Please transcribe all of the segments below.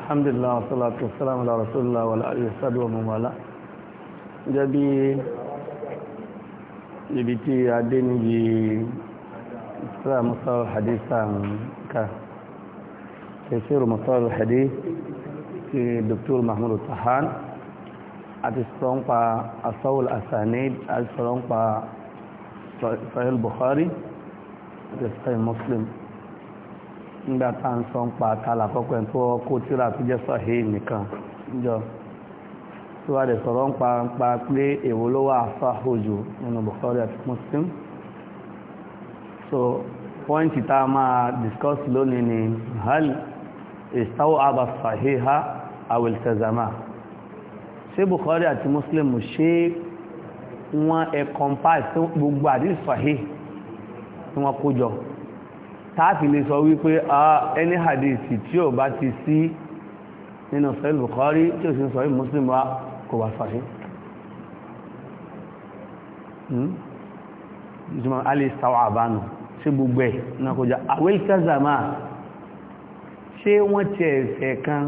alhamdulillah wassalatu wassalamu ala rasulillah wa ala alihi wasahbihi wa man wala jabi ibi tí adé níbi isra musal hadisan ka tafsir musal hadith ti dr mahmud tahan àti sọ̀rọ̀ pa asawul asanid àti sọ̀rọ̀ pa sahih bukhari àti sahih muslim nígbà tá à ń sọ ń pa àtàlà kọ́kọ́ ẹ̀ tó kó tíra tó jẹ́ sọ̀hìn nìkan jọ tó wà lè sọ̀rọ̀ ń pa pa pé èwo ló wà fáhójò nínú Bukhari àti Muslim so point tá a máa discuss lónìí ni hal ìsáwọ́ àbá sàhíhá àwìltẹ̀zàmá ṣé Bukhari àti Muslim ṣe wọ́n ẹ̀ kọmpáì sí gbogbo àdìsọ̀hí tí wọ́n kó jọ táàfì lè sọ wípé ẹni hadithi tí ó bá ti sí nínú sọ Bukhari tí ó sì sọ yí muslim wa kò wà sahih hmm? ìjọmọ̀ alistawa àbánu ṣe gbogbo ẹ̀ náà kò já awelkazama ṣe wọ́n ti ẹ̀fẹ̀ kan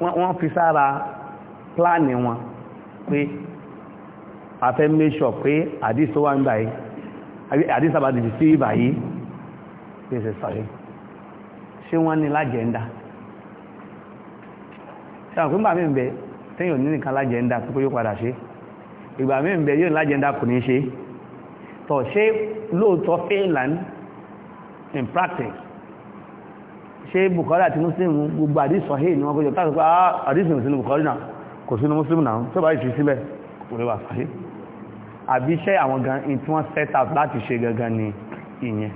wọ́n fi sára pláàni wọn pé afẹ́ mẹ́ṣọ̀ pé àdíṣọ́wà ń báyìí àdísà bá dìbì sí ìbàyí pèsè sọ̀rí ṣé wọ́n ní lájẹ̀ndà ṣàwọn fún bàmí ìbẹ̀ tẹ́yìn òní nìkan lájẹ̀ndà tó kó yóò padà ṣe ìgbà mí ìbẹ̀ yóò lájẹ̀ndà kò ní ṣe tọ̀ ṣé lóòótọ́ fẹ́ẹ̀lán in practice ṣe Bukhari àti Muslim gbogbo àdísọ̀ hì ní wọ́n kó jọ táàkì pé ah, àdísọ̀ sínú Bukhari náà kò sínú Muslim náà tó bá ìtì sílẹ̀ kò lè wà sahih àbí iṣẹ́ àwọn gan in tí wọ́n set up láti ṣe gangan ni ìyẹn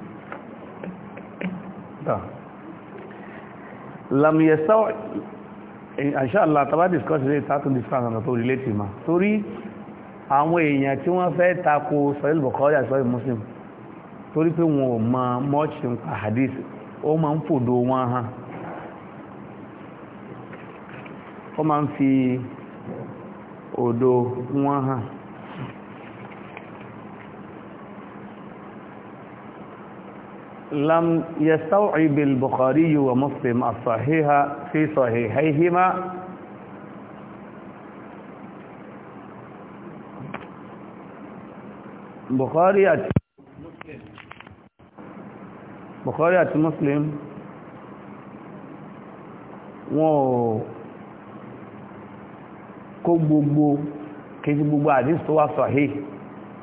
lamiyesa inshallah tàbá discuss ilé ìtàtù discuss ọ̀nà tó relate ma torí àwọn èèyàn tí wọ́n fẹ́ tako àti Muslim torí pé wọn ò much hadith ó ma ń fòdó wọn ha. لم يستوعب البخاري ومسلم الصحيح في صحيحيهما بخاري àti Muslim Bukhari àti Muslim wọn ò kó gbogbo kejì gbogbo àdíṣ tó wá sahih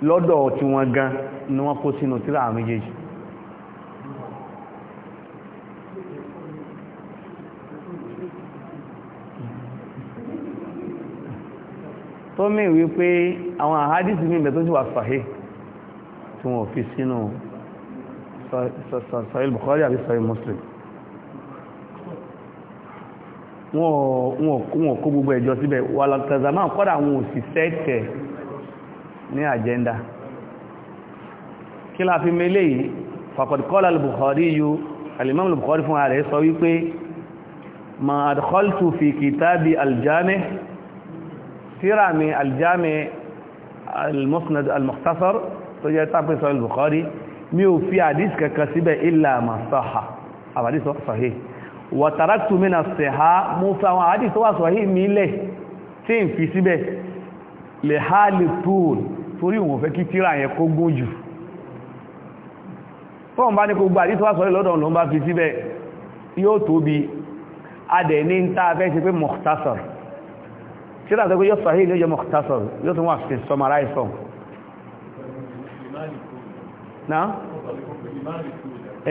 lọ́dọ̀ tí wọ́n gan ni wọ́n kó sínú tírà méjèèjì tó mì wípé àwọn àhádìsì ní ìbẹ̀ tó sì wà sahih tí wọ́n fi sínú sahih Bukhari àbí sahih Muslim wọn kó gbogbo ẹjọ́ síbẹ̀ wà látàzàmà kọ́dà àwọn òsìsẹ́ tẹ̀ ní àjẹ́ndà kí láàfin mẹ́lẹ̀ yìí fàkọ̀dìkọ́lá bukhari yóò al bukhari fún ààrẹ sọ wípé ma adkhaltu fi kitabi al tíra mi aljami almusnad almukhtasar tó jẹ́ tápé sọ al-Bukhari mi ò fi àdís kankan síbẹ̀ illa ma sahha àbàdís sahih wa taraktu min as-sihha mú fi àwọn àdís wà sahih mi lẹ̀ tí ń fi síbẹ̀ lè ha lè tóòl torí wọn fẹ́ kí tíra yẹn kó gún jù fọ́n bá ní kó gbà àdís wà sahih lọ́dọ̀ ló ń bá fi síbẹ̀ yóò tóbi adẹ̀ ní ń tá a fẹ́ ṣe pé mukhtasar tíra àtẹ́gbé yóò sahih ló yẹ mọ̀kútásọ̀ yóò tún wà sí sọmaráìsọ̀ náà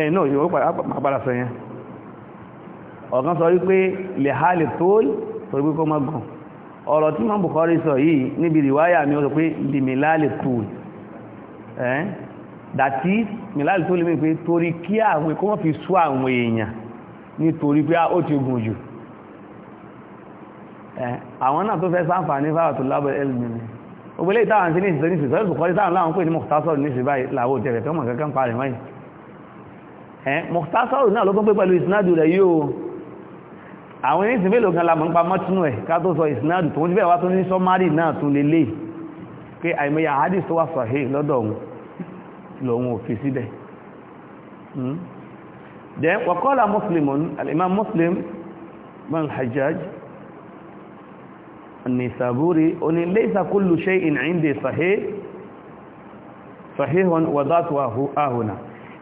ẹ̀ náà yóò pàpàdà sọ yẹn ọ̀kan sọ wípé lè ha lè tó torí pé kó má gùn ọ̀rọ̀ tí ma ń Bukhari sọ yìí níbi ìwáyà mi ó sọ pé lè mìlá lè tó ẹ́ dàtí mìlá lè tó lè mìí pé torí kí àwọn ikọ́ wọ́n fi sú àwọn èèyàn nítorí pé ah, ó ti gùn jù àwọn náà tó fẹ́ sáǹfàní fáwà tó lábẹ̀ ẹlùmí ni ògbélé ìtàwọn sí ní ìsìnkú ìsìnkú ìsìnkú kọ́lé táwọn láwọn pè ní mọ̀tásọ̀rù ní ìsìnkú ìlàwó jẹ̀rẹ̀ tó mọ̀ kankan parí mọ́ mọ̀tásọ̀rù náà ló kọ́ pé pẹ̀lú ìsinádù rẹ̀ yóò àwọn ní ìsìnkú ìlòkan la mọ̀ ń pa mọ́tínú ẹ̀ ká tó sọ ìsinádù tó ń bẹ̀ wá tó ní sọ́márì náà tún hmm? then wàkọ́lá muslimun imam muslim bin النسابوري أني ليس كل شيء عندي صحيح صحيح وضعت هنا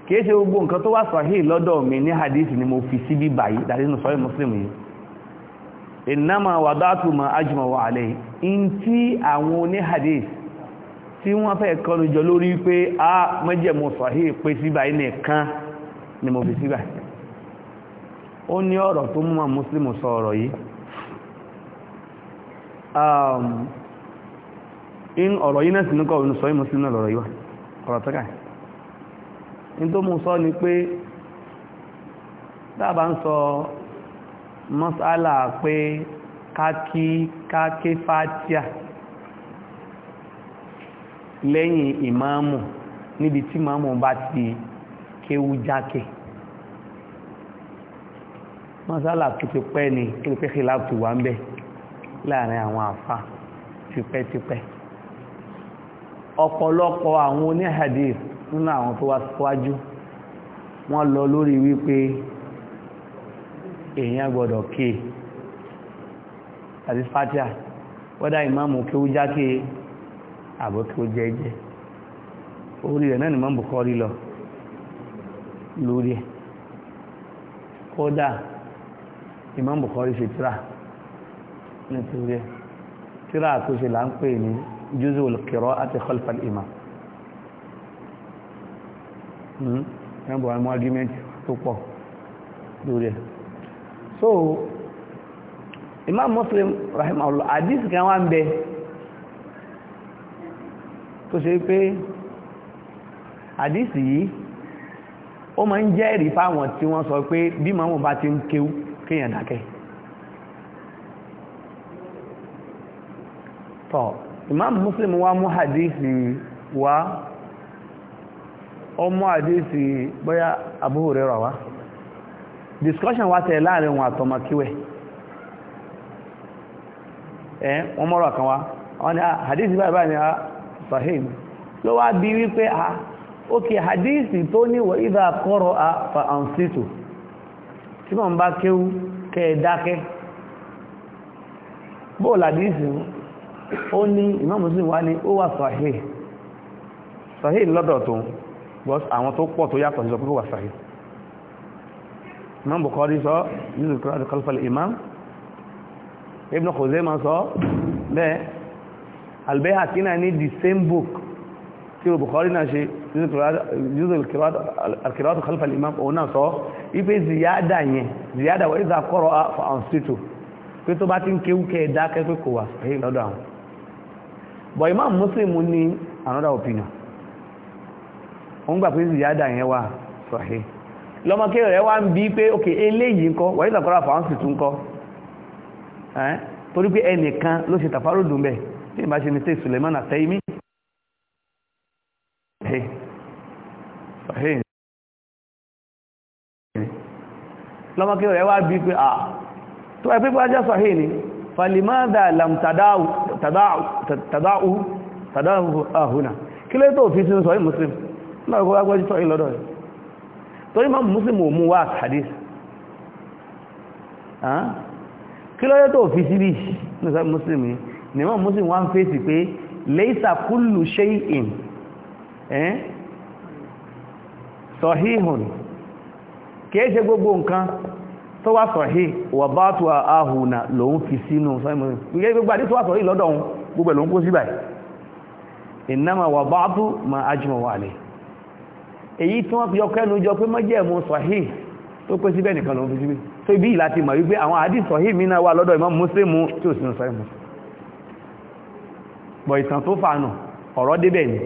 kìí ṣe gbogbo nǹkan tó wá sahih lọ́dọ̀ mi ní hadith ni mo fi sí bí báyìí dàrí nù sọ́yí muslim yìí innama wada'tu ma ajma'u alayhi in tí àwọn oní hadith tí wọ́n fẹ́ kọlu jọ lórí pé a mẹ́jẹ̀mú sahih pé sí báyìí nìkan ni mo fi sí báyìí ó ní ọ̀rọ̀ tó muslim sọ ọ̀rọ̀ yìí Um, in ọ̀rọ̀ yínà sínú kọ̀ òun sọ yí muslim náà lọ́rọ̀ yíwá ọ̀rọ̀ tọ́ka in tó mú sọ ni pé dábà ń sọ mọ́sálà pé kákí káké fàtíà lẹ́yìn ìmáàmù níbi tí ìmáàmù bá ti kéwú jákè mọ́sálà tó ti pẹ́ ni kí ló pé kí láàpù wà ń bẹ́ẹ̀ láàrin àwọn àfà tipẹ́tipẹ́ ọ̀pọ̀lọpọ̀ àwọn oníhadith nínú àwọn tó wá síwájú wọ́n lọ lórí wípé èèyàn gbọ́dọ̀ kí àti fatia wọ́dá ìmáàmù kí ó jákè àbọ̀ kí ó jẹ́jẹ́ orí rẹ̀ náà ni mọ́ bùkọ́rí lọ lórí ẹ̀ kódà ìmáàmù bùkọ́rí ṣe tíra nítorí ẹ̀ tíra àtúnṣe là ń pè ní juzul qira'ati khalfal imam hmm? ẹ̀bùn àwọn argument tó pọ̀ lórí ẹ̀ so imam muslim rahimahullah hadith kan wá ń bẹ tó ṣe pé hadith yìí ó máa ń jẹ́rìí fáwọn tí wọ́n sọ pé bí màmú bá ti ń kéwú kéèyàn dákẹ́ tọ́ imam muslim wá mú wa wá ó mú hadithi bóyá Abu Hurairah wá discussion wá tẹ̀ láàrin wọn àtọmọ kíwẹ̀ ẹ wọ́n mọ́rọ̀ kan wá wọ́n ni ah, hadithi báyìí báyìí ni a ah, sahih ló wá bí wípé a ah, ókè hadithi tó ní wa idha qara'a fa ansitu tí wọ́n bá kéwú kẹ́ẹ̀dákẹ́ bóòlù hadithi ó ní Imam Muslim wá ní ó wà sahih sahih lọ́dọ̀ tó because àwọn tó pọ̀ tó yàtọ̀ sí sọ pé ó wà sahih Imam Bukhari sọ nínú kọlfàlì imam Ibn Khuzaymah sọ bẹ́ẹ̀ Al-Bayhaqi náà ní the same book tí o Bukhari náà ṣe jùzọ alkiratu khalfa al-imam òun náà sọ ipé ziyada yẹn ziyada wà ìzà kọ́rọ̀ fa ọ̀nsítò pé tó bá ti ń kéwú kẹ́ pé kò wà sahih lọ́dọ̀ àwọn but imam muslim ní another opinion wọ́n gbà pé ziyada yẹn wà sọ̀hí lọ́mọké rẹ̀ wá ń bí pé ok eléyìí ńkọ́ wọ́n ìtàkọ́rà fàwọn sì tún kọ́ torí pé ẹnìkan ló ṣe tàfàrò dùn bẹ́ẹ̀ tí ìbá ṣe mistake Suleiman àtẹ́imí lọ́mọké rẹ̀ wá bí pé ah tó ẹgbẹ́ bá jẹ́ sọ̀hí ni falimada lamtadau tàdáhù tàdáhù ahùnà kí lé tó fi sínú sọ́yí muslim náà kó agbájú sọ́yí lọ́dọ̀ rẹ̀ torí ma muslim ò mú wá hadith kí ló yẹ tó fi síbí ní sọ́yí muslim ni ni wọ́n muslim wá ń fèsì pé laysa kullu shay'in sahihun kìí ṣe gbogbo nǹkan tó wá sọ̀hí wà bá tó àhùnà lòun fi sínú sọ́yìnmọ̀ ìgbẹ́ gbogbo àdí tó wá sọ̀hí lọ́dọ̀ òun gbogbo lòun kó síbà ìnáma wà bá tó ma ajmọ̀ wà lè èyí tí wọ́n fi ọkọ̀ ẹnu jọ pé mọ́jẹ̀mú sọ̀hí tó pé síbẹ̀ nìkan lòun fi síbí tó ibi láti mọ̀ wípé àwọn àdí sọ̀hí mi náà wà lọ́dọ̀ Imam Muslim tí ò sínú sọ́yìnmọ̀ bọ̀ ìtàn tó fànù ọ̀rọ̀ débẹ̀ ni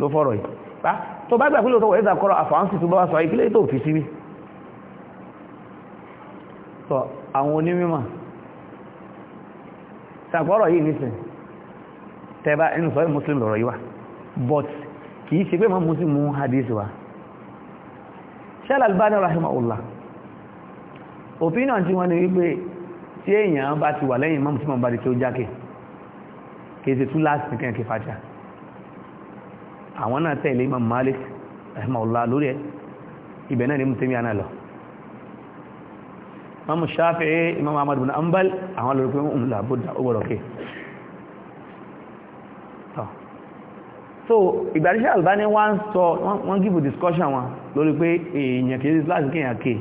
ló fọ̀rọ̀ yìí tó bá gbà pé lóòótọ́ sọ àwọn onímọ̀ sàgbọ́rọ̀ yìí nísìn tẹba inú sọ muslim lọ̀rọ̀ yíwá but kìí ṣe pé ma muslim mú hadith wa ṣẹ́lá albani rahimahullah opinion tí wọ́n ni wípé tí èèyàn bá ti wà lẹ́yìn mọ́mù tí mọ̀ bá di tí ó jákè kéèsè tún láti kẹ́kẹ́ fàjá àwọn náà tẹ̀lé imam malik rahimahullah lórí ẹ̀ ibẹ̀ náà ni mú tẹ́mí àná lọ imam shafi'i imam ahmad bin ambal àwọn lórí pé ń làbúdà ó gbọ́dọ̀ kí so ìgbàdíṣẹ́ albani wá ń sọ give a discussion wọn lórí pé èèyàn kìí láti kíyàn ke.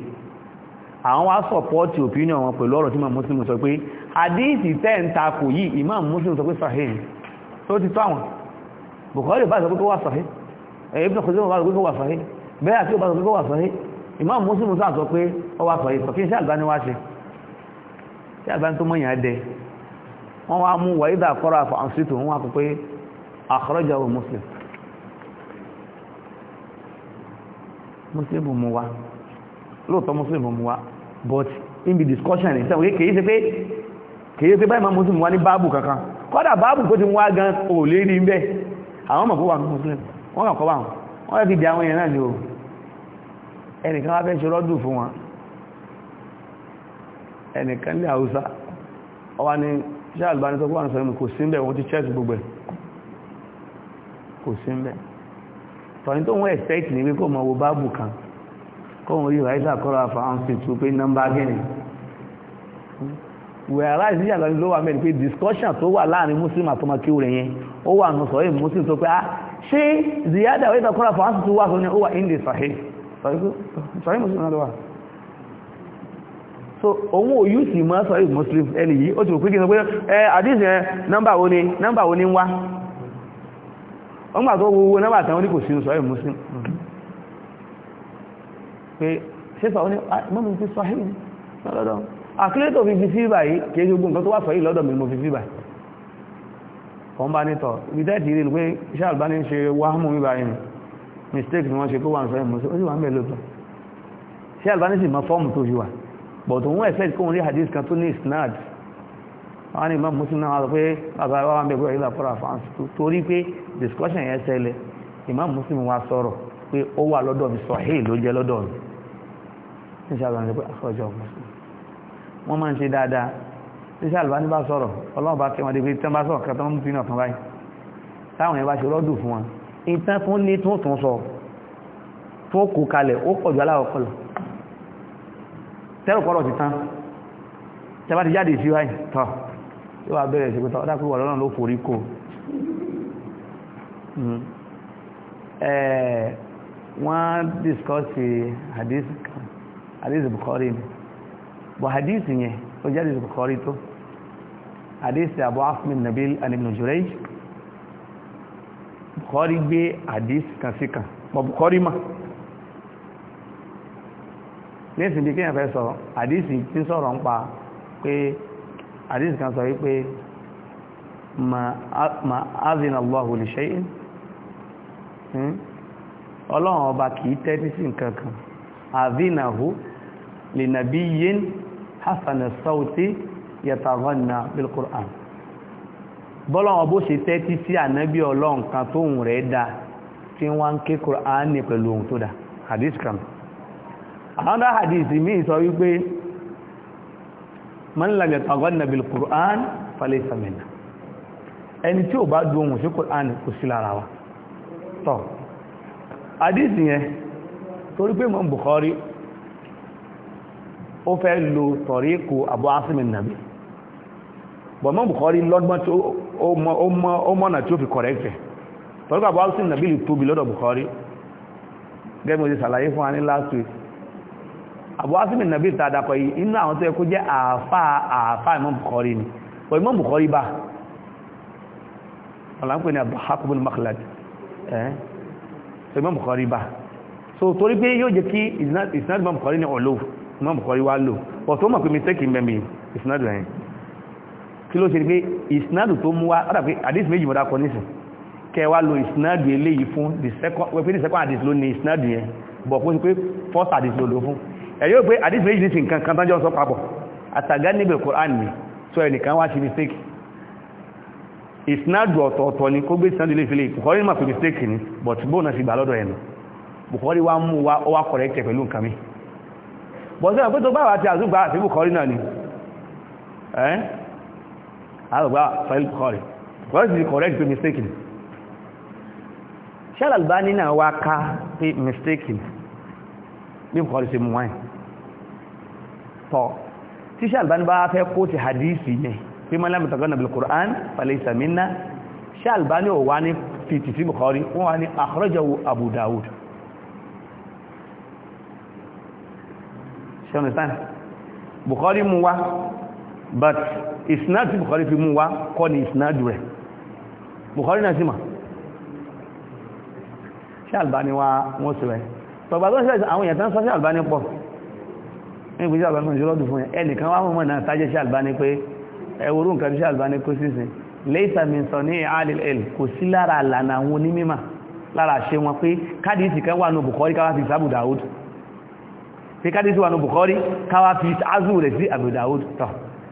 àwọn wá support opinion wọn pẹ̀lú ọ̀rọ̀ tí imam muslim sọ pé hadith tẹ́ǹta kò yí imam muslim sọ pé sahih So ti tọ́ àwọn bukhari bá sọ pé kó sahih ibn khuzaimah bá sọ pé kó sahih bẹ́ẹ̀ àti ó bá sọ sahih Imam Muslim sá sọ pé ọ wá sọ ìsọ kí n ṣe àgbáni wá ṣe tí àgbáni tó mọ̀yàn dẹ wọ́n wá mú wàídà kọ́ra àfàǹsítò wọ́n wá kó pé akhrajahu Muslim Muslim wa lóòótọ́ Muslim wa but in the discussion ní sẹ́wọ̀n kìí ṣe pé kìí ṣe báyìí máa Muslim wá ní báàbù kankan kọ́dà báàbù tó ti wá gan ò lé ní bẹ́ẹ̀ àwọn ọmọ kó wà ní Muslim wọ́n kàn kọ́ wà wọ́n fi di àwọn èèyàn náà ní o ẹnìkan wá fẹ́ ṣe rọ́dù fún wọn ẹnìkan ní àwúsá ọwá ní ṣe àlùbáni tó wà ní sọ́yìn kò sí ń bẹ̀ wọ́n ti chẹ́ẹ̀kì gbogbo ẹ̀ kò sí ń bẹ̀ tọ́yìn tó wọ́n expect ní wípé ọmọ wo báàbù kan kọ́wọ́n rí ráìsà kọ́rọ̀ àfáàǹsì tó pé nọ́mbà gẹ́nì whereas ní àlọ́ni ló wà mẹ́rin pé discussion tó wà láàrin muslim àtọmọkíw rẹ̀ yẹn ó wà nù sọ́yìn muslim tó pé ah ṣé ziyada wẹ́sà kọ́rọ̀ àfáàǹsì tó wà sọ ní ó wà indi sahih sọ́rí muslim náà lọ́wà so òun ò yíò sí mọ́ sọ́rí muslim ẹni yìí ó ti pín gínú pé ẹ àdíṣẹ́ nọ́mbà wo ni nọ́mbà wo ni ń wá wọ́n gbà tó wo nọ́mbà tán ní kò sí sọ́rí muslim pé ṣéfà ó ní mọ́mí ti sọ́rí lọ́dọ̀ àkílẹ́tò fi fi sí báyìí kìí ṣe gbogbo nǹkan tó wà sọ́rí lọ́dọ̀ mi mistake ni wọ́n ṣe kó wà nǹkan ẹ̀mọ́ ó sì wà ń bẹ̀ lóòótọ́ sí albanese mọ fọ́ọ̀mù tó fi wà but òun expect kóhun rí hadith kan tó ní isnad wọ́n ní imam muslim náà wà pé bàbá wa wà ń bẹ̀ bọ́ ìlà fọ́ra france torí pé discussion yẹn ṣẹlẹ̀ imam muslim wa sọ̀rọ̀ pé ó wà lọ́dọ̀ mi sahih ló jẹ́ lọ́dọ̀ mi ní sí albanese pé àkọ́jọ́ muslim wọ́n máa ń ṣe dáadáa ní sí albanese bá sọ̀rọ̀ ọlọ́run bá kẹwọn dé pé tí wọ́n bá sọ̀rọ̀ kẹtọ́ mú pinnu ọ̀kan báyìí táwọn yẹn bá ṣe rọ́dù fún wọn ìtàn tó ní tó tún sọ tó kò kalẹ̀ ó pọ̀jù aláwọ̀kọ́lù tẹ́rùkọ́rọ̀ ti tán tẹ́bá ti jáde síwáyì tọ́ yóò wá bẹ̀rẹ̀ ìṣẹ́gbẹ́ta ọdá pé wọ̀lọ́nà ló forí kò hmm. wọ́n discọ́sì hadith Bukhari bọ̀ hadith yẹn ó jáde Bukhari tó hadith Abu Asmin Nabil and Ibn Bukhari gbé hadith kan mọ̀ Bukhari ma lẹ́sìn bí kíyàn fẹ́ sọ hadith tí sọ̀rọ̀ ń pa pé hadith kan sọ wípé ma azina Allahu li shay'in hmm? ọlọ́run ọba kìí tẹ́tí sí nǹkan kan azinahu li nabiyyin hasana sauti yataghanna bil Qur'an bọ́lọ́wọ́ bó ṣe tẹ́tí sí ànábí ọlọ́run kan tó ń rẹ̀ dá tí wọ́n tó dá hadith kan another hadith mi sọ wípé man ẹni tí bá ohun sí wa tọ́ hadith yẹn torí pé Bukhari ó fẹ́ lo tọ̀ríkù bọ̀mọ́ Bukhari lọ́gbọ́n tó ó mọ́nà tí ó fi kọ̀rẹ́kẹ̀ tọ́lọ́gbà bọ́ áùsìn nàbílì tóbi lọ́dọ̀ Bukhari gẹ́gbẹ́ ti sàlàyé fún wa ní last week àbọ̀ áùsìn nàbílì tàdà kọ̀ yìí inú àwọn tó yẹ kó jẹ́ àáfà àáfà Imam Bukhari ni bọ̀ Imam Bukhari bá ọ̀làǹpẹ̀ ni Abdulhakubul Makhlad ẹ̀ so Imam Bukhari bá so torí pé yóò jẹ́ kí isnad Imam Bukhari ní ọ̀lọ́ Imam Bukhari wá lò bọ̀ tó mọ̀ pé mistake ń bẹ̀ mi isnad rẹ̀ yìí kí ló ṣe ni pé ìsinádù tó mú wá ọ̀dà pé àdísì méjì mọ́dá kọ nísìn kẹ wá lo ìsinádù eléyìí fún pé the second àdísì ló ní ìsinádù yẹn bọ̀ kó sí pé first àdísì ló lò fún ẹ̀yẹ́ ò pé àdísì méjì nísìn nǹkan kan tánjọ́ sọ papọ̀ àtàgá níbẹ̀ Kùránì ni so ẹnìkan wá ṣe mistake ìsinádù ọ̀tọ̀ọ̀tọ̀ ni kó gbé ìsinádù ilé ìfilé Bukhari mà pé mistake ni but bóun náà ṣe gbà lọ́dọ̀ ẹ̀nu Bukhari wá mú wa ó wá correct pẹ̀lú nǹkan mi bọ̀ sí ọ̀pẹ́ tó bá wà ti àzúgbà àti Bukhari náà ni àgbà file correct wọ́n sì correct pé mistaken ṣẹ́lẹ̀ Albani náà wá ká pé mistaken bí nǹkan ṣe mú wáyìn tọ́ tí ṣẹ́lẹ̀ Albani bá fẹ́ kó ti hadisi yẹn pé mọ́lá mìtàgọ́nà bil Qur'an falaysa minna ṣẹ́lẹ̀ Albani ò wá ní fìtì sí Bukhari wọ́n wá ní akhrajahu Abu Dawud Bukhari mú but isnad ti bukhari fi mú wá kọ́ ni isnad rẹ̀ bukhari náà sí ma ṣe albani wá wọ́n sí rẹ̀ tọ̀gbà tó ṣe àwọn èèyàn tán sọ sí albani pọ̀ ní ìgbésí albani mọ̀ ìṣọ́lọ́dù fún ẹnìkan wá mọ̀ náà tájẹ́ sí albani pé ẹwòrú nǹkan sí albani kó sísìn lẹ́ìsà mi sọ ní alìl kò sí lára àlànà àwọn onímímà lára ṣe wọn pé káàdì ìsì kan wà ní bukhari káwá fi sabu dáwùd pé káàdì ìsì wà ní bukhari káwá fi azù rẹ̀ abu àbùdáwùd tọ̀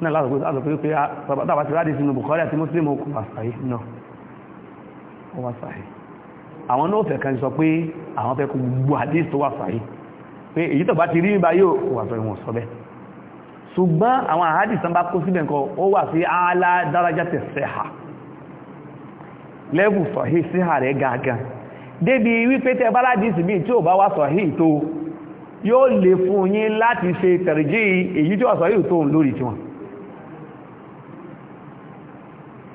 náà lásìkò pé tàbá ti rádìí sínú Bukhari àti Muslim okùn wàsáyé náà wàsáyé àwọn no, fẹ́ kan sọ pé àwọn fẹ́ kó gbogbo hadith tó Pe pé èyí tọ̀bá ti rí bá yóò wàsáyé wọn sọ bẹ́ẹ̀ ṣùgbọ́n àwọn hadith tán bá kó síbẹ̀ nǹkan ó wà sí àálá dárájá tẹ̀ sẹ́hà lẹ́bù sọ̀hí síhà rẹ̀ gàgàn débi wípé tẹ́ bá ládìsì bí tí ò bá wá sọ̀hí tó yóò lè fún yín láti ṣe tẹ̀rìjí èyí tí wà sọ̀hí tó ń lórí tiwọn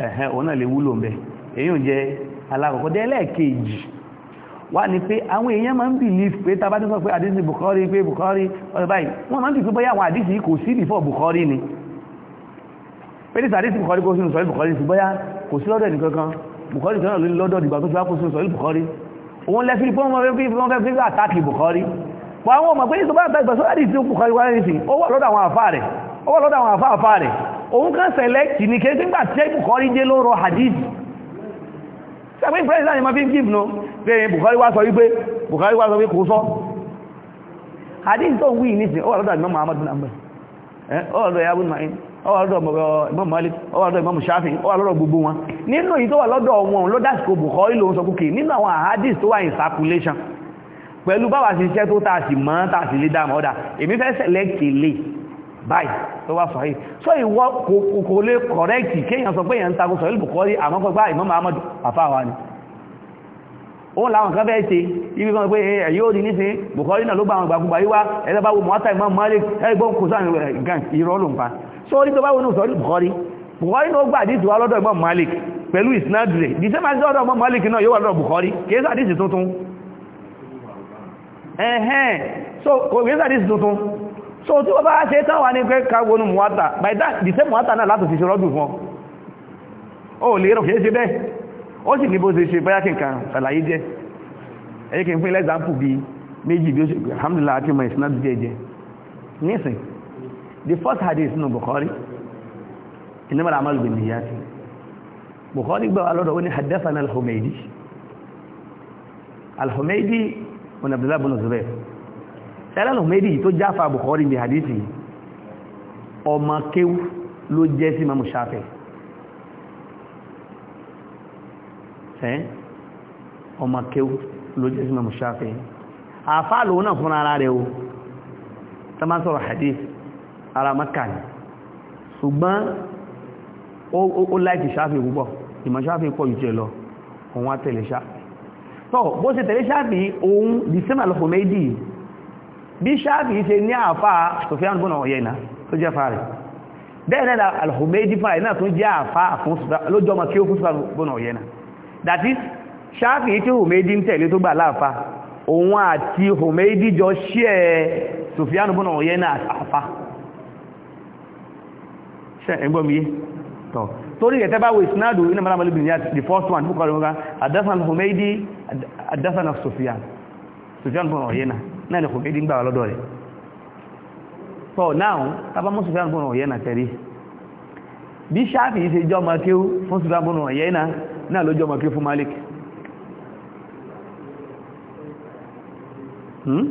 ẹ̀hẹ́ òun náà lè wúlò mẹ́ èyí ò jẹ́ alákọ̀ọ́kọ́ dẹ́ lẹ́ẹ̀kejì wá ní pé àwọn èèyàn máa ń believe pé tá bá ti sọ pé àdísì Bukhari pé Bukhari ọ̀rẹ́ báyìí wọ́n máa ń believe pé bóyá àwọn àdísì kò sí before Bukhari ni pé ní sàdísì Bukhari kó sínú sọ̀rọ̀ Bukhari sí bóyá kò sí lọ́dọ̀ nìkankan Bukhari kan lọ́dọ̀ ìgbà tó ti wá kó sínú sọ̀rọ̀ Bukhari òun lẹ́fí pé wọ́n fẹ́ fi àtàkì Bukhari pọ̀ àwọn ọmọ pé ní sọ bá àgbà ìgbà sọ́dọ̀ àdísì Bukhari wá rẹ̀ sí ó wà lọ́dọ̀ àwọn àfáà rẹ̀ òun kan sẹ̀lẹ́kì ní kéèkéé nígbà tí Bukhari dé ló rọ hadith sẹ́pẹ́ ìfẹ́sìlá ni ma fi ń gíf nù pé Bukhari wá sọ wípé Bukhari wá sọ wípé kò sọ hadith tó wí ní sin ó wà lọ́dọ̀ Imam Ahmad bin Hanbal ó wà lọ́dọ̀ yabun Malik ó wà lọ́dọ̀ Imam Shafi ó wà lọ́dọ̀ gbogbo wọn nínú yìí tó wà lọ́dọ̀ wọn ló dásìkò Bukhari lòun sọ kúkè nínú àwọn hadith tó in circulation pẹ̀lú báwa ṣiṣẹ́ tó tàà sí mọ́ tàà sí lé dáàmọ́ ọ̀dà èmi fẹ́ sẹ̀lẹ́kì lè báyìí tó wá sọ̀hí so ìwọ kò lè kọ̀rẹ́kì kéèyàn sọ pé èyàn ń takò sọ̀hí Bukhari àmọ́kọ̀gbá Imam Ahmad àfáwà ni ó láwọn kan bẹ́ẹ̀ ṣe ibi kan pé ẹ̀yọ́ eh, òdí nísìn Bukhari náà ló bá àwọn ìgbàkúgbà yíwá ẹ̀lẹ́bá wo mọ́ta Imam Malik ẹgbọ́n kò sáà gan eh, ìrọ́ ló ń pa so orí tó bá wọnú sọ̀rí Bukhari Bukhari náà gbà àdìsí wa lọ́dọ̀ Imam Malik pẹ̀lú ìsinadìrẹ̀ the same as lọ́dọ̀ Imam Malik náà yóò wà lọ́dọ̀ Bukhari kìí sàdìsí tuntun ẹ̀hẹ́n so kò kìí sàdìsí tuntun so tí wọ́n bá ṣe tán wà ní pé kagbónú muwata by that the same muwata náà látò fi ṣe rọ́dù fún ọ lè rọ̀ kìí ṣe bẹ́ẹ̀ ó sì ní bó ṣe ṣe báyá kí n kan ṣàlàyé jẹ́ ẹ̀yẹ́ kí n fún ilẹ̀ example bí méjì bí ó ṣe alhamdulillah àti mọ̀ ìsinadù sẹ́lẹ̀lù méjì tó jáfà Bukhari bí hadithi ọmọ kéwú ló jẹ́ sí mamu ṣáfẹ́ ẹ́ ọmọ kéwú ló jẹ́ sí mamu ṣáfẹ́ àfá lòun náà fún ara rẹ̀ o tó máa sọ̀rọ̀ hadith ara Makkah ni ṣùgbọ́n ó láìkì ṣáfẹ́ púpọ̀ ìmọ̀ ṣáfẹ́ pọ̀ jù jẹ́ lọ òun á tẹ̀lé ṣáfẹ́ tọ́ bó ṣe tẹ̀lé ṣáfẹ́ òun dìsẹ́mà lọ́fọ̀ méjì bí ṣáàfì ṣe ní àfáà Sufyan ibn Uyayna tó jẹ́ fàárì bẹ́ẹ̀ náà al-Humaydi fúnra náà tó jẹ́ àfáà fún lójọ́ ọmọ kí ó fún Sufyan ibn Uyayna that is ṣáàfì tí Humaydi ń tẹ̀lé tó gbà láàfá òun àti Humaydi jọ ṣíẹ̀ Sufyan ibn Uyayna àfá ṣe ẹgbọ́mí tọ́ torí ẹ̀tẹ́ bá wo ìsinádù iná mara malibin ya the first one fúkọ̀lọ́gbọ́n adásán Humaydi adásán Sufyan Sufyan ibn Uyayna náà ni kò fìdí ń gbà lọ́dọ̀ rẹ̀ so now tàbá mú sùfẹ́ àgbọ̀nà ọ̀yẹ́ nà tẹ̀rí bí sáàfì yìí ṣe jọ ọmọ kí fún sùfẹ́ àgbọ̀nà ọ̀yẹ́ nà náà ló jọ ọmọ kí fún Malik hmm?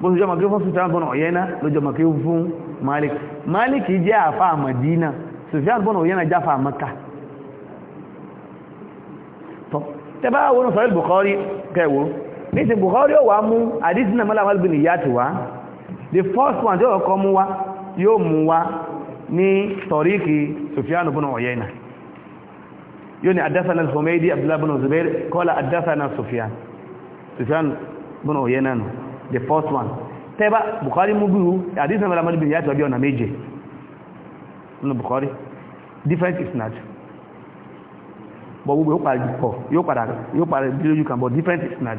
bó ṣe jọ ọmọ kí fún sùfẹ́ àgbọ̀nà Malik jẹ́ àfà àmàdínà sùfẹ́ àgbọ̀nà ọ̀yẹ́ nà jáfà àmàkà tẹ́bá wọn níṣẹ́ Bukhari ó wá mú àdísí náà mọ́lá wálùbí nìyá the first one jo ó kọ́ mú wá yóò mú wá ní Sufyan bin Uyayna Yo ni adásánà al-Humaydi Abdullah bin Zubair kọ́lá adásánà Sufyan Sufyan bin Uyayna nù the first one tẹ́bá Bukhari mú bíru àdísí náà mọ́lá wálùbí nìyá ti wá bí ọ̀nà méje nínú Bukhari different isnad but gbogbo yóò padà yóò padà yóò padà bí lójú kan but different isnad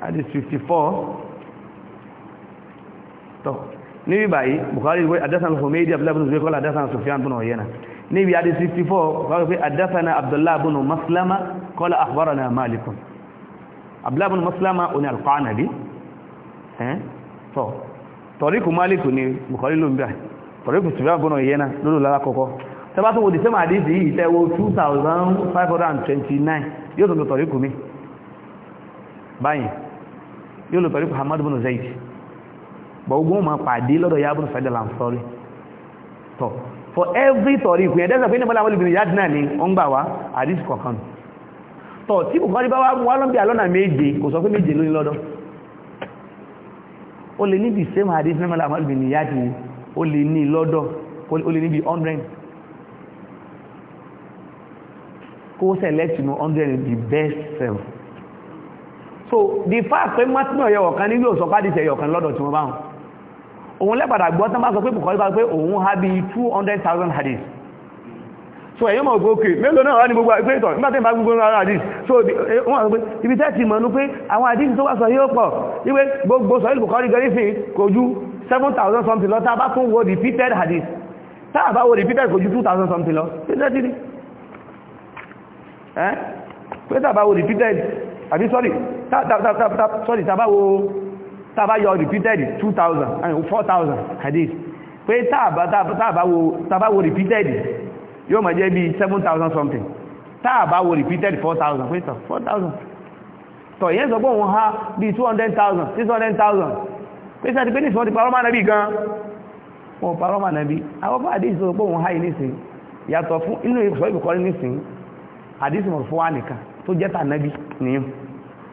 hadith 54 tó níbi báyìí bukhari wé adásán homedi abdullahi bin zuwaikola adásán sufyan bin oyena níbi hadith 54 bukhari wé adásán abdullahi bin maslama kọ́lá akhbarana malikun abdullahi bin maslama oní alqanabi tó tọ̀ríkù malikun ni bukhari ló ń bá tọ̀ríkù sufyan bin oyena lórí lára kọ́kọ́ tẹbá tó wò dìsẹ́mà àdíjì yìí tẹ́wọ́ 2529 yóò tó tọ̀ríkù mi báyìí yóò lọ pẹ̀lú Hamad bin Zaid bọ̀ ogun ma pàdé lọ́dọ̀ ya bin Sa'id al-Ansari for every tori ìpín ẹ̀dẹ́sẹ̀ pé ní mọ́lá wọ́n lè bìnrin yájì náà ni ó ń gbà wá àdísì kọ̀kan tọ̀ tí bùkọ́rí bá wá lọ́n bí alọ́nà méje kò sọ pé méje lónìí lọ́dọ̀ ó lè níbi same àdísì mọ́lá wọ́n lè bìnrin yájì ni ó lè ní lọ́dọ̀ ó lè níbi 100 kó sẹ̀lẹ́tì nù 100 the best self so the fact pé martin ọ̀yọ̀ ọ̀kan ní yóò sọ pàdé ìṣẹ̀yọ̀ ọ̀kan lọ́dọ̀ tí wọ́n bá wọn òun lẹ́pàdà gbọ́ tán bá sọ pé bùkọ́ pé òun ha bí 200,000 hadith so ẹ̀yọ́ mọ̀ òkè mélòó náà wá ní gbogbo àgbé ìtọ̀ nígbàtí ìbá gbogbo náà hadith so eh, wọ́n àwọn pé ibi tẹ́ ti mọ̀nú pé àwọn hadith tó wá sọ yóò pọ̀ wípé gbogbo sọ ìlú bùkọ́rí gẹ́rí sí kò ju 7,000 something lọ tá bá tún wo repeated hadith tá bá wo repeated kò ju 2,000 something lọ pé tá bá wo repeated àbí sorry sorry tàbáwo tàbá yọ repeated 2000 4000 hadith pé tàbáwo repeated yóò máa jẹ́ bí 7000 something tàbáwo repeated 4000 pé 4000 tọ̀ ìyẹn sọ pé òun ha bí 200,000 600,000 pé sáà ti pé ní ìsọ́n ti parọ́ máa nàbí gan wọn parọ́ máa nàbí àwọn bá àdíjì sọ pé òun to ìníṣìn yàtọ̀ fún inú calling anything. níṣìn àdíjì mọ̀ fún wà nìkan tó jẹ́ta nàbí nìyàn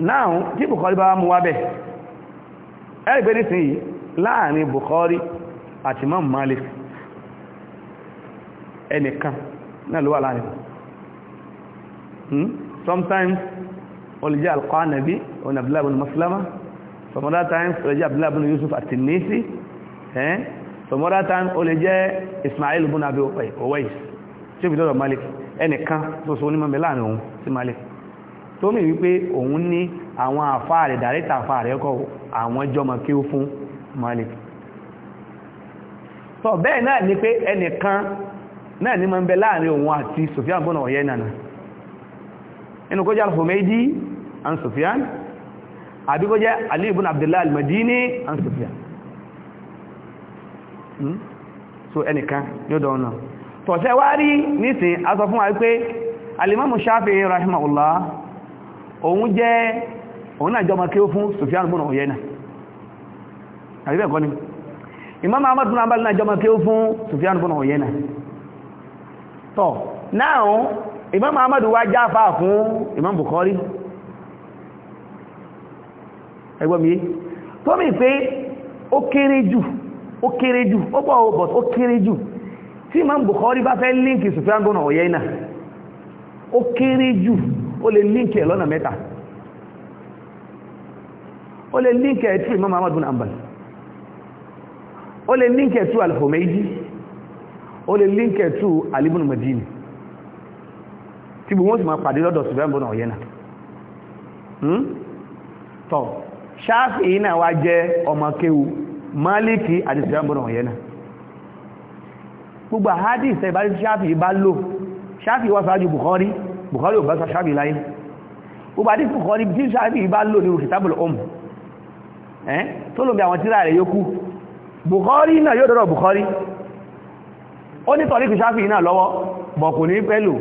now tí Bukhari bá mú wá bẹ̀ ẹ̀rì pé nísìnyí láàrin Bukhari àti Imam Malik ẹnìkan náà ló wà láàrin hmm? sometimes olùjẹ́ Al-Qanabi on Abdullah ibn Maslama some other times olùjẹ́ Abdullah ibn Yusuf at-Tinnisi eh? some other times olùjẹ́ Ismail ibn Abi Owais tí ó fi dọ́dọ̀ Malik ẹnìkan tó so onímọ̀ mẹ́láàrin òun sí Malik tó mì wípé òun ní àwọn àfáà rẹ̀ dàrẹ́tà àfáà rẹ̀ kọ́ àwọn jọmọ kí ó fún Malik so bẹ́ẹ̀ náà ni pé ẹnìkan náà ni ma ń bẹ láàrin òun àti Sufyan bọ́nà ọ̀yẹ́ nànà inú kó jẹ́ al-Humaydi an àbí kó jẹ́ Ali ibn Abdullah al-Madini an Sufyan hmm? so ẹnìkan yóò dọ̀ náà tọ̀sẹ̀ wá rí nísìn a sọ fún wa pé al-Imam rahimahullah òun jẹ́ òun náà jọmọ kí ó fún Sufyan ibn Uyayna Imam Ahmad ibn na náà jọmọ kí ó fún Sufyan ibn Uyayna tọ́ náà Imam Ahmad wá jáfà fún Imam Bukhari ẹgbọ́mí tó mi pé ó kéré jù ó kéré jù ó pọ̀ ó ó kéré jù tí Imam Bukhari bá fẹ́ líǹkì ó kéré ó lè líǹkì ẹ̀ lọ́nà mẹ́ta ó lè líǹkì ẹ̀ tí Imam Ahmad bin Hanbal ó lè líǹkì ẹ̀ tí Al-Humaydi ó lè líǹkì ẹ̀ tí Ali ibn Madini tí gbogbo sì máa pàdé lọ́dọ̀ Sufyan bin Uyayna hmm? tọ́ Shafi'i náà wá jẹ́ ọmọ kéwu Maliki adi Sufyan bin Uyayna gbogbo àhádìí ìsẹ̀ ìbá shafi bá lò Shafi'i wá sáájú Bukhari Bukhari ò bá sọ ṣáàbì láyé ó bá dínkù kọ́ ní bí ṣáàbì bá lò ní kitabul umm ẹ́ tó lòmí àwọn tíra rẹ̀ yókù Bukhari náà yóò dọ́rọ̀ Bukhari ó ní tọ́ríkù ṣáàbì náà lọ́wọ́ bọ̀kù ní pẹ́lò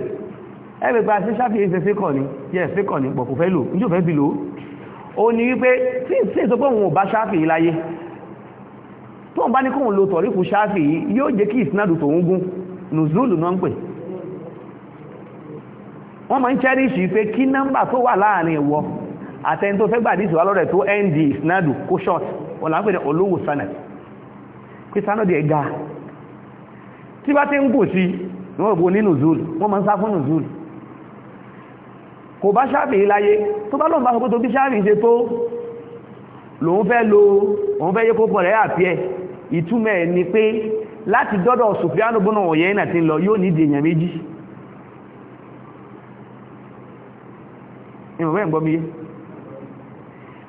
ẹgbẹ̀ gba sí ṣáàbì ẹsẹ̀ síkọ̀ ní yẹ síkọ̀ ní bọ̀kù fẹ́lò ní òfẹ́ bìlò ó ní wípé náà ń pè wọ́n máa ń cherish pé kí nọ́mbà tó wà láàrin ìwọ àtẹni tó fẹ́ gbàdísì wà lọ́rẹ̀ tó nd isnadu kó short wọ́n láńpẹ̀ ní olówó sanad pé sanad ẹ̀ ga tí bá ti ń kò sí wọ́n gbò ní nùzúl wọ́n máa ń sá fún nùzúl kò bá ṣáàfì láyé tó bá lọ́nà bá ni pé láti ìwọ̀n bẹ́ẹ̀ gbọ́mí yé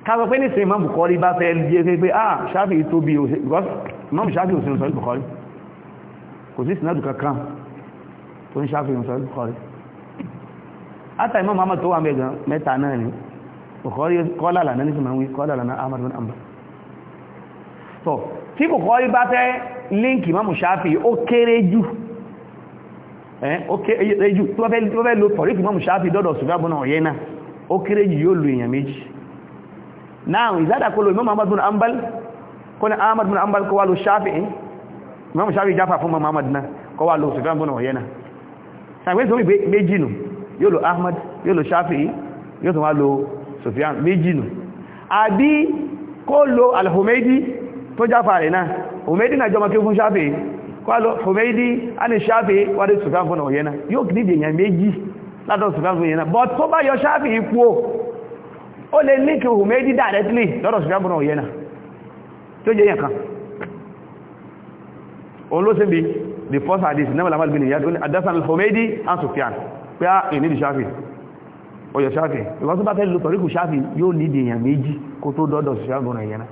káàkiri pé nísìn Imam Bukhari bá fẹ́ ẹni díẹ̀ pé ah Shafi'i tó bí Imam Shafi'i òsìn sọ́rí Bukhari kò sí sinadu kankan tó ń Shafi'i sọ́rí Bukhari átà Imam Ahmad tó wà mẹ́gan mẹ́ta náà ni Bukhari kọ́lá lànà ní sinmi kọ́lá so tí Bukhari bá fẹ́ líǹkì Imam Shafi'i ó kéré jù ó kéré jù tó fẹ́ lo tọ̀rí Imam Shafi'i dọ́dọ̀ Sufyan bin Uyayna ó kéré jù yóò lu èèyàn méjì náà ìzádà kó lo imam ahmad bin ambal kó ní ahmad bin ambal kó wá lo shafi'i imam shafi'i jáfà fún muhammad náà kó wá lo sufyan bin uyayna sàgbé sórí méjì nù yóò lo ahmad yóò lo shafi'i yóò tún wá lo sufyan méjì nù àbí kó èèyàn méjì látọ̀ sùfẹ́mù yẹn náà but tó bá yọ ṣáàfì ipò ó lè link Humaydi directly lọ́dọ̀ sùfẹ́mù náà yẹn náà tó jẹ́ yẹn kan òun ló síbi the first hadith náà lamal bin Iyad adasan al-Humaydi and Sufyan pé á ah, ìní di ṣáàfì ó yọ ṣáàfì ìwọ́n tó bá fẹ́ lò pẹ̀lú ṣáàfì yóò nídìí èèyàn méjì kó tó dọ́dọ̀ sùfẹ́mù náà yẹn náà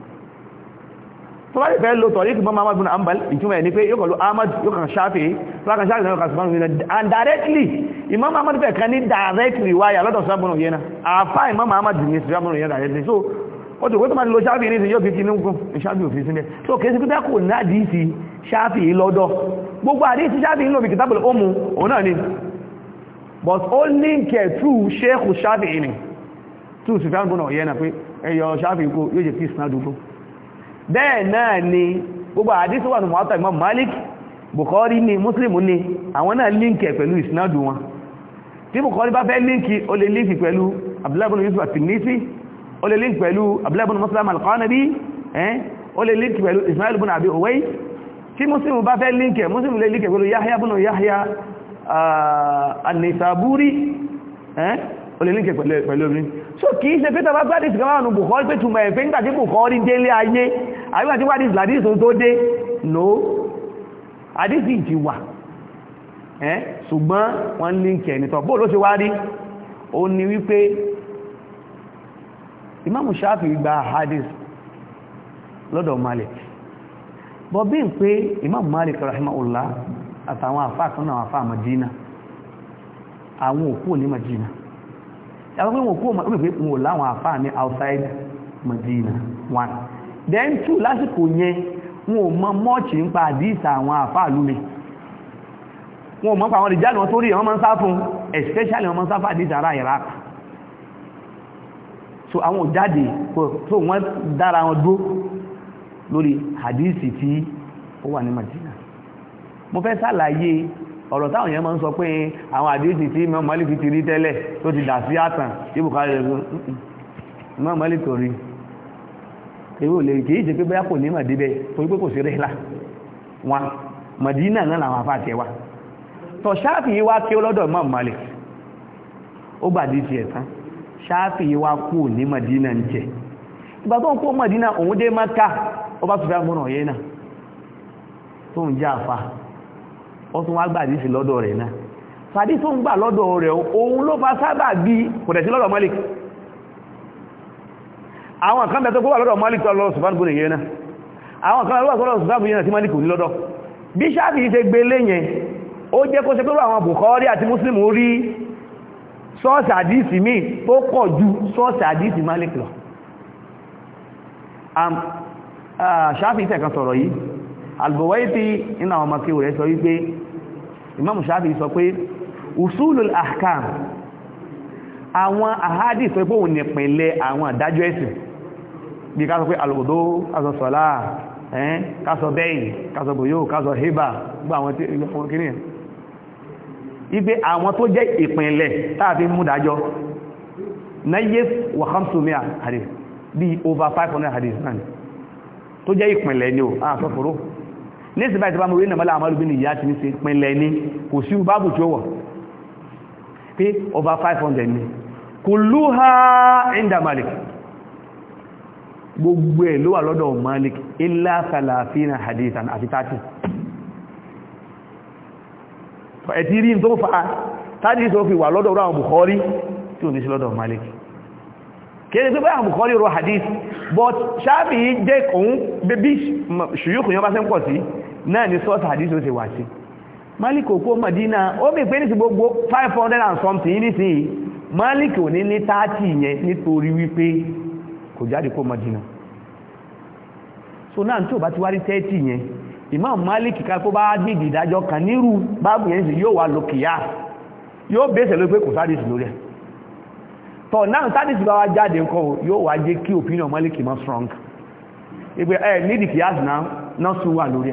tó bá lè fẹ́ lo tọ̀rí ìkùnmọ́ Muhammad bin Hanbal ìtumọ̀ ẹ̀ ní pé yóò kọlu Ahmad yóò kàn Shafi'i tó kàn Shafi'i náà kàn sọ́bọ̀nù yẹn and directly Imam Ahmad fẹ́ kan ní directly wáyà lọ́dọ̀ sọ́bọ̀nù yẹn na àfá Imam Ahmad ní sọ́bọ̀nù yẹn directly so ó tó kó tó máa lo Shafi'i ní yóò fi kí nínú Shafi'i òfin sílẹ̀ so kèsì pípẹ́ kò ní àdìsí Shafi'i lọ́dọ̀ gbogbo àdìsí Shafi'i lóbi kìtàbùl ó mu òun náà ni but ó ní kẹ̀ tú Sheikh Shafi'i ni tú Sufyan bin Uyayna pé ẹyọ Shafi'i kó yóò jẹ́ kí ìsinadùn kó bẹ́ẹ̀ náà ni gbogbo àdísí wà ní mọ́ta Imam Malik Bukhari ni Muslim ni àwọn náà líǹkì ẹ̀ pẹ̀lú ìsinádù wọn tí Bukhari bá fẹ́ líǹkì o lè líǹkì pẹ̀lú Abdullah ibn Yusuf at-Tinnisi o lè líǹkì pẹ̀lú Abdullah ibn Muslim al-Qanabi o lè líǹkì pẹ̀lú Ismail ibn Abi Uwais tí Muslim bá fẹ́ líǹkì ẹ̀ Muslim lè líǹkì pẹ̀lú Yahya ibn Yahya ah, o lè líkẹ̀ pẹ̀lú omi so kìí ṣe pé tàbá gbádìí sí káwọn bùkọ́ pé túnmọ̀ ẹ̀fẹ́ nígbà tí bùkọ́ rí délé ayé àríwá tí wádìí ìsìládìí tó tó dé no àdìsí ti wà ẹ́ ṣùgbọ́n wọ́n líkẹ̀ nìtọ̀ bóò ló ṣe wá rí o ní wípé imáàmù Ṣáfì gba hadis lọ́dọ̀ Malik bọ́ bí n pé imáàmù Malik rahimahullah àtàwọn àfáà kan náà àfáà Madina àwọn òkú ní Madina ẹ̀rọ pé wọn kú ọmọ pé wọn láwọn àfáà ní outside Medina one then two lásìkò yẹn wọn ò mọ mọ́ọ̀chì ń pa àdíìsà àwọn àfáà lúmi wọn ò mọ́ pa àwọn ìjánu wọn tó rí ẹ̀ wọ́n máa ń sá fún especially wọ́n máa ń sá fún àdíìsà ara Iraq so àwọn òjáde tó wọ́n dára wọn dó lórí hadisi tí ó wà ní Madina mo fẹ́ sàlàyé ọ̀rọ̀ táwọn yẹn máa ń sọ pé àwọn àdíjì tí Imam Malik ti rí tẹ́lẹ̀ tó ti dà sí àtàn ibùkárí rẹ̀ Imam Malik rí ewu lè kìí pé kò ní màdíbẹ̀ kò sí wọn Madina náà làwọn wa tọ̀ ṣáàfì yìí kí ó lọ́dọ̀ Imam ó tán kú Madina ń jẹ ìgbà tó ń kó òun dé ó tún wá gbàdí sí lọ́dọ̀ rẹ̀ náà fàdí tó ń gbà lọ́dọ̀ rẹ̀ òun ló fa sábà bí kò tẹ̀ sí lọ́dọ̀ Malik àwọn kan bẹ̀ tó gbọ́ lọ́dọ̀ Malik tó lọ́dọ̀ sùfán gúnlẹ̀ yẹn náà àwọn kan lọ́dọ̀ sùfán gúnlẹ̀ tí Malik ò ní lọ́dọ̀ bí sáàbì ṣe gbé lẹ́yìn ó jẹ́ kó ṣe pé àwọn Bukhari àti Muslim rí sọ́ọ̀sì àdísì míì tó pọ̀ ju sọ́ọ̀sì àdísì Malik lọ ah, Ṣáfì ìtẹ̀kan sọ̀rọ̀ yìí albuwaiti iná àwọn makiwu rẹ̀ sọ wípé imam shafi sọ pé usulul ahkam àwọn ahadi sọ pé òun nìpínlẹ̀ àwọn àdájọ́ ẹ̀sìn bí ká sọ pé alòdó kásọ sọ́lá ẹ́n kásọ bẹ́yìn kásọ bòyó kásọ hébà gbọ́ àwọn tí ìlú kìíní ipe àwọn tó jẹ́ ìpínlẹ̀ over 500 hadith náà tó jẹ́ ìpínlẹ̀ ni ó àṣọ́fòró ní ìsìnbá ìtàbá mọ̀ wíńdà mọ́lá àmọ́lù bí ní ìyá ti ní ṣe pinlẹ̀ ní kò sí báàbù tí ó wọ̀ pé over 500 ní kò lú ha inda malik gbogbo ẹ̀ ló wà lọ́dọ̀ malik ilá sàlàfíìnà hadithan àti tàti ẹ̀tí rí tó fa tàbí tó fi wà lọ́dọ̀ ráwọn bukhari tí ò ní sí lọ́dọ̀ malik kéde tó báyà bukhari rọ hadith but ṣáàbì jẹ́ òun bébí ṣùyúkù yọ bá sẹ́ ń pọ̀ sí náà ni source hadith ó ṣe wà sí malik òkú madina ó mi pé ní gbogbo 500 and something ní sí malik ò ní ní 30 yẹn nítorí wípé kò jáde kó so náà tí ò bá ti wárí 30 yẹn imam malik ká bá gbìdì ìdájọ́ kan nírú báàbù yẹn sí yóò wà lókìyà yóò bẹ́sẹ̀ ló pé kò sádìsì lórí ẹ̀ tọ̀ náà sádìsì ma strong ẹ̀ náà náà wà lórí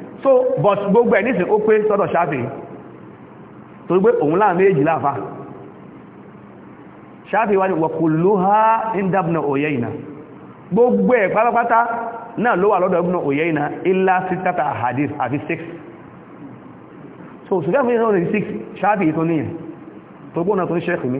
so but gbogbo ẹ̀ nísìn ó pé sọ́dọ̀ ṣáfì torí pé òun láà méjì láàfá ṣáfì wá ní wọ̀kùlúhá ìdábùnà òye ìnà gbogbo ẹ̀ pátápátá náà ló wà lọ́dọ̀ ìbùnà òye ìnà ilá sítátà hadith àfi 6 so ṣùgbọ́n mi náà ní 6 ṣáfì tó níyàn tó gbóná tó ní ṣẹ́kù mi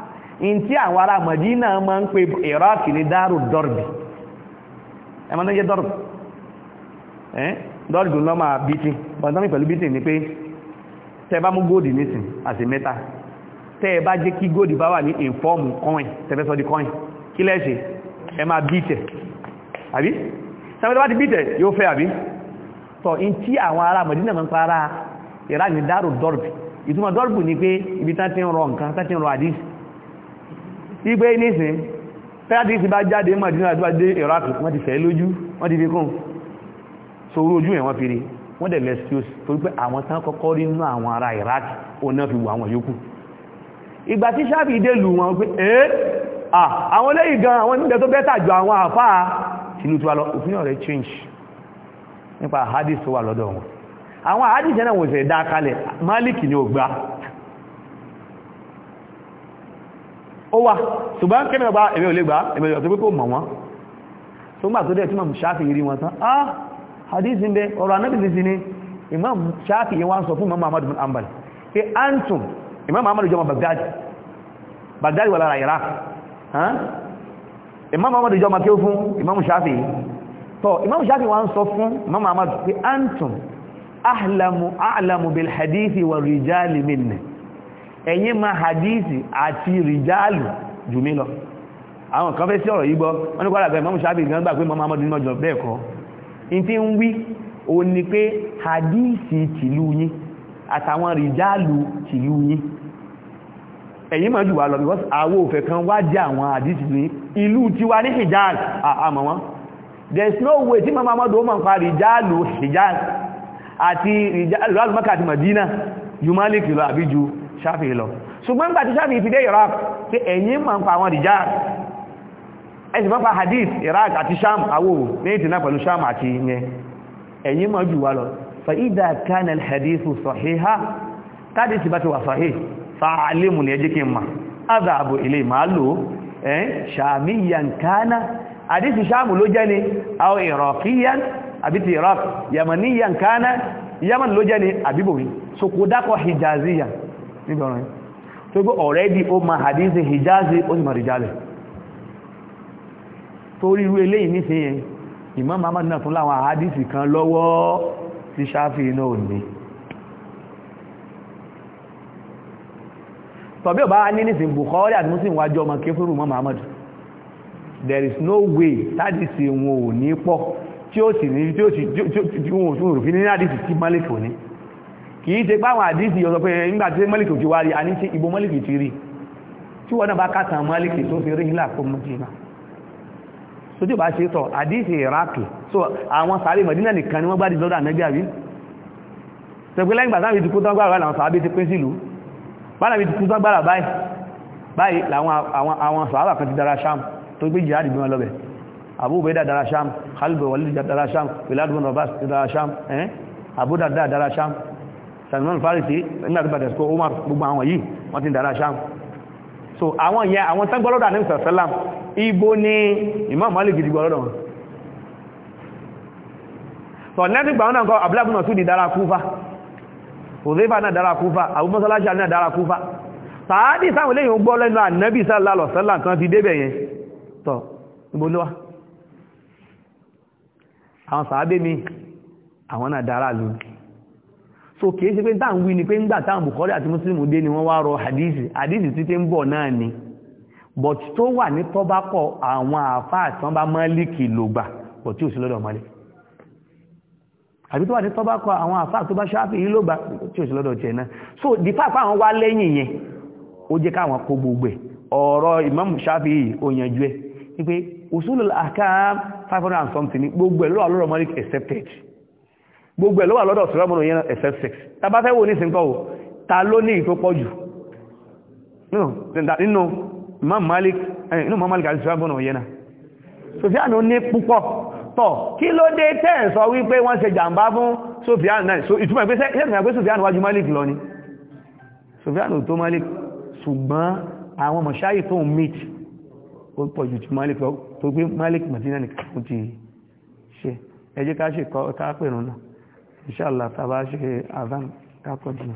in tí àwọn ará Mẹdínà máa ń pe Iraq ní dárò dọ́rbì ẹmọ tó jẹ́ dọ́rbì ẹ́ dọ́rbì lọ máa bítí bọ̀dọ́mì pẹ̀lú bítí ni pé tẹ́ bá mú góòdì nísìn àti mẹ́ta tẹ́ bá jẹ́ kí góòdì bá wà ní ìfọ́ọ̀mù kọ́ìn tẹ́fẹ́sọ́ di kọ́ìn kí lẹ́ṣe ẹ máa bítẹ̀ àbí sẹ́mẹ́tọ́ bá ti bítẹ̀ yóò fẹ́ àbí tọ́ in tí àwọn ará Mẹdínà máa ìtumọ̀ dọ́rbì ni pé ibi tán ti ń rọ nǹkan tán ti ń rọ àdísì wípé nísìn fẹ́láti ti bá jáde mọ̀dínà àti wájé iraq wọ́n ti fẹ́ lójú wọ́n ti fi kún sórú ojú ẹ̀wọ́n fi rí wọ́n dẹ̀ lẹ́síọ́s torí pé àwọn tán kọ́kọ́ rí nínú àwọn ará iraq oná fi wù àwọn yòókù ìgbà tí sábì délù wọn pé ẹ́ àwọn lẹ́yìn gan àwọn nígbẹ́ tó bẹ́tà ju àwọn àfáà tìlú tó wà lọ òfin ọ̀rẹ́ change nípa hadith tó wà lọ́dọ̀ wọn àwọn hadith náà wọ́n sì dá kalẹ̀ malik ni ó gbà ó wà ṣùgbọ́n kí mẹ́gbà ẹ̀mẹ́ ò lè gbà ẹ̀mẹ́ ọ̀tọ́ pé kò mọ̀ wọ́n tó ń gbà tó dẹ̀ tí mọ̀ ṣáàfì rí wọn tán ah hadith ń bẹ ọ̀rọ̀ anábìsí sí ni imam ṣáàfì yẹn wá ń sọ fún imam ahmad bin ambal pé antum imam ahmad jọmọ baghdad baghdad wà lára iraq ẹ̀yin ma hadithi àti rìjáàlù jù mí lọ àwọn kan fẹ́ sí ọ̀rọ̀ yìí gbọ́ wọ́n ní kọ́ àgbà ìmọ̀mù sábì gan gbà pé mọ́ mọ́mọ́dún ní ọjọ́ bẹ́ẹ̀ kọ́ in ti ń wí o ní pé hadithi tìlú yín àtàwọn rìjáàlù tìlú yín ẹ̀yin máa jù wá lọ because àwọ òfẹ́ kan wá no way tí mọ́mọ́dún ó mọ̀ pa rìjáàlù hijaz àti rìjáàlù alùmọ́kà àti madina jù málìkì lọ ṣáfì lọ ṣùgbọ́n nígbà tí ṣáfì fi dé iraq pé ẹ̀yìn ma ń pa àwọn ìjà ẹ̀sìn mọ́fà hadith iraq àti sham awo ní ìtìná pẹ̀lú sham àti yẹn ẹ̀yìn ma jù wá lọ fa idha kana al-hadith sahiha káàdì sì bá ti wà sahih fa alimu ni ẹjẹ́ kí n ma azabu ilé màálù ẹ̀ shamiyan kana hadith sham yamaniyan kana yaman ló jẹ́ ni àbíbòrí so kò dákọ̀ hijaziyan níbi ọ̀rọ̀ yìí tó gbé ọ̀rẹ́dì ó ma hadithi hijazi ó sì ma rìjálẹ̀ torí irú eléyìí nísìnyẹn Imam Muhammad náà tún láwọn hadithi kan lọ́wọ́ tí sáfì iná ò ní tọ̀bí ọba ní nísìn Bukhari àti Muslim wájú ọmọ kéfúrú mọ́ Muhammad there is no way tádìsí wọn ò ní pọ̀ tí ó sì ní tí ó sì tí wọn ò tún rò fi ní àdìsí tí Malik ò ní kìí ṣe páwọn àdísì yọ sọ pé nígbàtí mọ́lìkì ti wá rí a ní tí ibo mọ́lìkì ti rí tí wọ́n náà bá kàtàn mọ́lìkì tó fi rí nílà kó mọ́jìnà so tí ó bá ṣe tọ̀ àdísì iraki so àwọn sàárè mọ̀dínà nìkan ni wọ́n gbádìí lọ́dọ̀ ànẹ́gbàrí tẹ̀pẹ́ lẹ́yìn gbàtà ìdíkú tán gbàrà làwọn sàábé ti pín sílùú bára ìdíkú tán gbàrà báyìí báyìí làwọn àwọn sàábà kan ti dára sham tó gbé jihad bí wọn Abu Ubaida dára sham Khalid walid dára sham Bilal dára sham eh Abu Darda dára sham Salman Farisi nígbàtí bàtẹ̀ sọ Umar gbogbo àwọn yìí wọ́n ti dára ṣáàmù so àwọn yẹn àwọn tán gbọ́lọ́dọ̀ àní sàṣẹ́lá ibo ni Imam Malik gidi gbọ́lọ́dọ̀ wọn so lẹ́tí gbà náà kọ abúlábùn náà tún di dára kúfà òzéfà náà dára kúfà abúmọ́sọ́láṣà náà dára kúfà sàádì sáwọn lẹ́yìn gbọ́ lẹ́nu ànábì sallallahu alaihi wasallam kan ti débẹ̀ yẹn tọ́ ibo ló wà àwọn sàábé mi àwọn náà dára lónìí so kìí ṣe pé tá à ń wí ni pé ń gbà táwọn Bukhari àti Muslim dé ni wọ́n wá rọ hadithi hadithi tí ń bọ̀ ni but tó wà ní tọ́bákọ̀ àwọn àfáà tí wọ́n bá Málíkì ló but tí ò sí lọ́dọ̀ àbí tó wà ní tọ́bákọ̀ so the fact àwọn wá lẹ́yìn yẹn ó jẹ́ káwọn kó gbogbo ẹ̀ ọ̀rọ̀ Imam ṣáfì yìí ó yanjú ẹ̀ wípé usulul five hundred and something gbogbo ẹ̀ lọ́wọ́ lọ́rọ̀ accepted gbogbo ẹ̀ ló wà lọ́dọ̀ sọ́rọ̀mùnù yẹn except sex tàbá fẹ́ wò ní sínkọ́ o ta ló ní ìtó pọ̀ jù nínú Imam Malik inú eh, Imam Malik àti sọ́rọ̀mùnù yẹn na Sufyan ní púpọ̀ tọ̀ kí ló dé tẹ́ sọ wípé wọ́n ṣe jàǹbá fún Sufyan náà ìtumọ̀ pé sẹ́sìn pé Sufyan wájú Malik lọ ni Sufyan tó Malik ṣùgbọ́n àwọn mọ̀ṣáyì tó ń meet ó pọ̀ jù tí Malik lọ tó gbé Malik Madina nìkan ó ti ṣe ẹjẹ́ ká ṣe ká pèrún náà inshallah tá a bá ṣe adán kápọ̀ jù